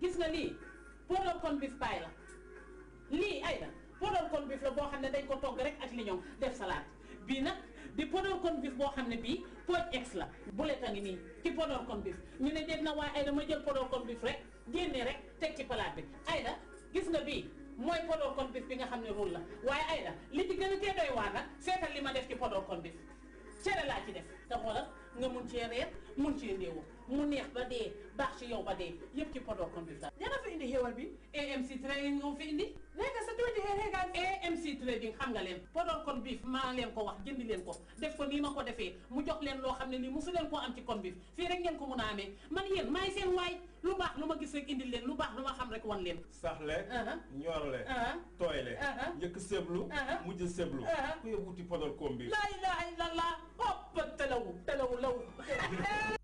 gis nga lii poodor corned beef pie la lii ay na poodor corned beef la boo xam ne dañ ko togg rek ak liñoom def salaat bii nag di poodor corned biif boo xam ne bii poached eggs la bulet a ngi nii ci poodor corned beef ñu ne déet na waaye ay na ma jël poodor corned beef rek génne rek teg ci palaat bi ay na gis nga bii mooy poodor corned beef bi nga xam ne rôle la waaye ay na li ci gën a tee doy waar seetal li ma def ci poodor corned beef cere laa ci def te xoolal nga mun cee reer mun cee ndéewoo mu neex ba dee baax ci yow ba dee yëpp ci Podor Computer. ña fi indi xéwal bi AMC trading moo fi indi. léegi sa tuuti xeexee AMC trading xam nga leen Podor kon biif maa leen ko wax jëndi leen ko def ko nii ma ko defee mu jox leen loo xam ne nii musu leen koo am ci kon biif fii rek ngeen ko mun a amee man yéen maay seen waay lu baax lu ma gis rek indi leen lu baax lu ma xam rek wan leen. saxle. Uh-huh. ñorle. Uh-huh. tooyle. Uh-huh. njëkk seblu. mujj seblu. ku yóbbu wuti Podor kon biif. laa ilaaha illallaah hopp talawu talawu law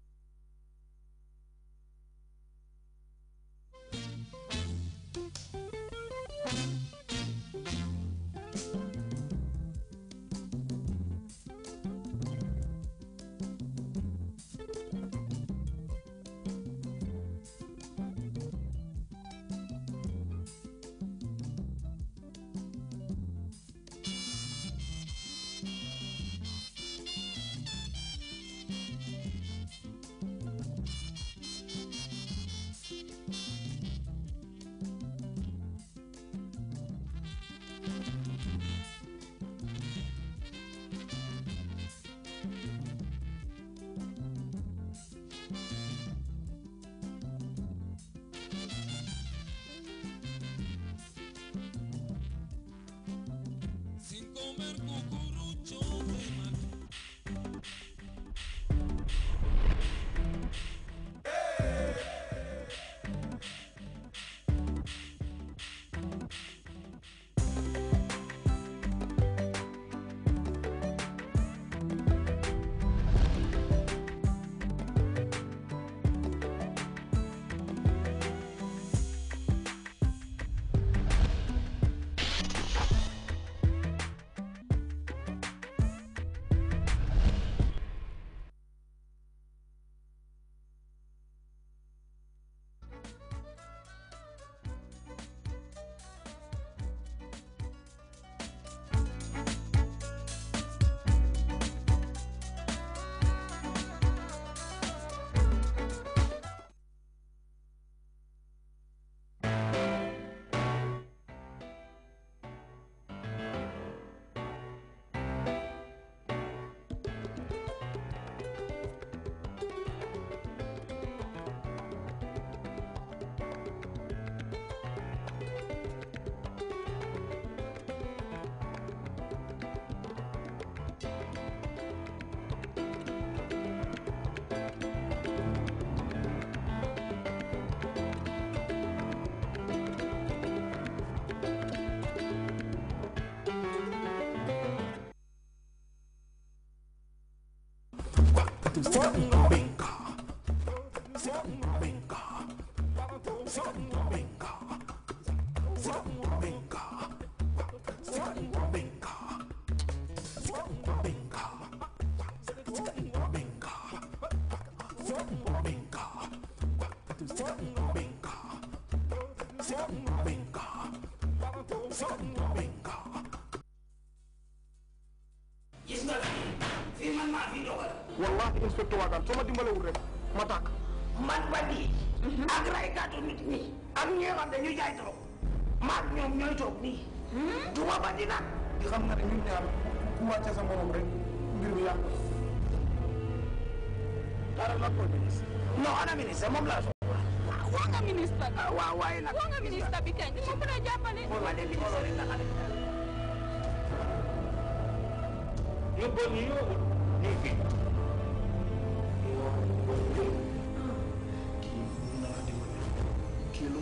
to stick in my bingo. Stick in my bingo. Stick in my bingo. Stick in my bingo. Stick in my bingo. Stick in my bingo. Stick in my bingo. Stick in my bingo. Stick in my bingo. Stick in my bingo. Stick in my bingo. inspecteur wagan sama dimbalé wul rek ma tak man bandi mhm. ak ray katu nit ni ak ñi xam dañu jaay trop mak ñom ñoy tok ni duma bandi nak di xam nga ñun ñaar ku wacce sa morom rek mbir dara la ana ministre mom la wanga ministre wa way wanga ministre bi kañ mo mëna jappalé wala ministre rek la xalé ñu ñu ñu fi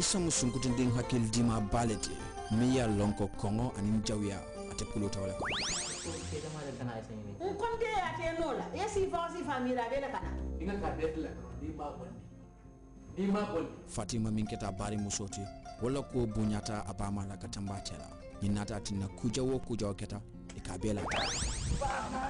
aisha sunkutin din hakil dima balete mi ya lonko kongo anin jawya ate kulota wala ko kon de ya te nola e si fa si fa la kana dinga ka betla di ma bon di ma fatima min keta bari musoti wala ko bunyata abama la katamba chela ninata tinna kujawo kujawo keta ikabela ba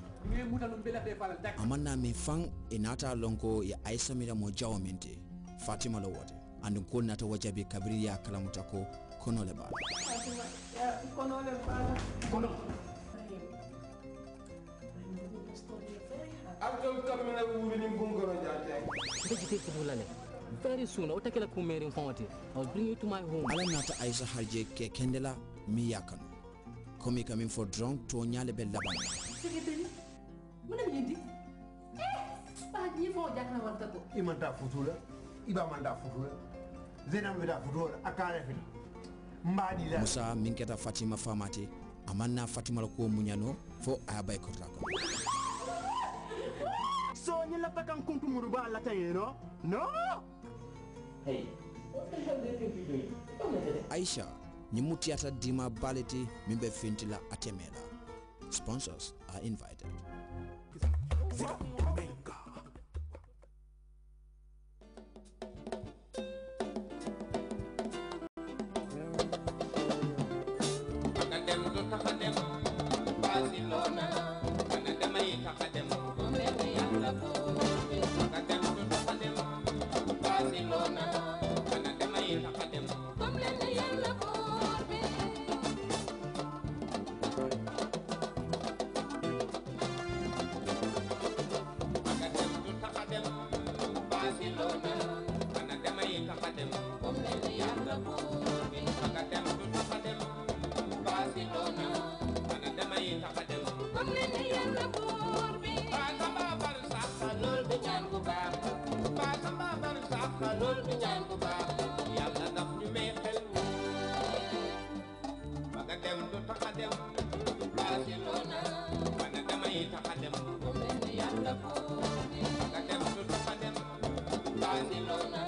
amanna min fan e nata lonko ya aissa mira mo jawo min te fatima lo wote andu ko nata wajabi kabiri ya kalamuta ko kono le bala kono le bala kono abdul kamina wuri bungoro jate dajite ko mulane very soon o takela ku bring you to my home nata aisha harje ke kendela mi yakano komi kamin for drunk to be laban moussa yindi baji eh, fo jakna warta ko imanta futula ibamanta futula zenam beta futola akane eh, fita mbaɗi la musa min keta fatima famate amanna fatima ko muñano fo aya bay korta so ñi latta kan kuntu muru ba la taye no no hey aisha ñi mutiyata dima baleti min ɓe fintila atemela sponsors are invited Yeah. Sabuni, kakɛmuso dɔ fana, baani lona.